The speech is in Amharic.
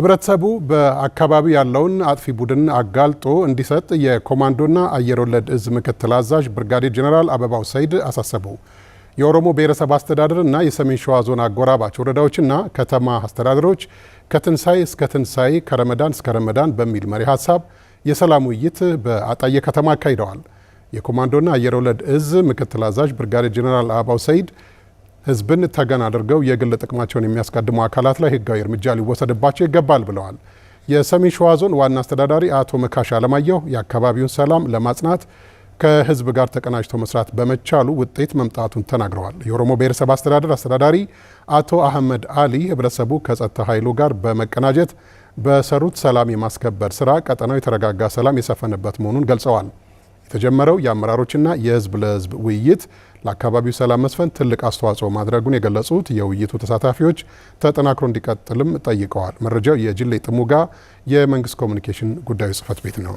ህብረተሰቡ በአካባቢው ያለውን አጥፊ ቡድን አጋልጦ እንዲሰጥ የኮማንዶና አየር ወለድ እዝ ምክትል አዛዥ ብርጋዴር ጄኔራል አበባው ሰይድ አሳሰቡ። የኦሮሞ ብሔረሰብ አስተዳደር እና የሰሜን ሸዋ ዞን አጎራባች ወረዳዎችና ከተማ አስተዳደሮች ከትንሣኤ እስከ ትንሣኤ ከረመዳን እስከ ረመዳን በሚል መሪ ሀሳብ የሰላም ውይይት በአጣየ ከተማ አካሂደዋል። የኮማንዶና አየር ወለድ እዝ ምክትል አዛዥ ብርጋዴር ጄኔራል አበባው ሰይድ ህዝብን ተገን አድርገው የግል ጥቅማቸውን የሚያስቀድሙ አካላት ላይ ህጋዊ እርምጃ ሊወሰድባቸው ይገባል ብለዋል። የሰሜን ሸዋ ዞን ዋና አስተዳዳሪ አቶ መካሽ አለማየሁ የአካባቢውን ሰላም ለማጽናት ከህዝብ ጋር ተቀናጅቶ መስራት በመቻሉ ውጤት መምጣቱን ተናግረዋል። የኦሮሞ ብሔረሰብ አስተዳደር አስተዳዳሪ አቶ አህመድ አሊ ህብረተሰቡ ከጸጥታ ኃይሉ ጋር በመቀናጀት በሰሩት ሰላም የማስከበር ስራ ቀጠናው የተረጋጋ ሰላም የሰፈነበት መሆኑን ገልጸዋል። የተጀመረው የአመራሮችና የህዝብ ለህዝብ ውይይት ለአካባቢው ሰላም መስፈን ትልቅ አስተዋጽኦ ማድረጉን የገለጹት የውይይቱ ተሳታፊዎች ተጠናክሮ እንዲቀጥልም ጠይቀዋል። መረጃው የጅሌ ጥሙጋ የመንግስት ኮሚኒኬሽን ጉዳዮች ጽህፈት ቤት ነው።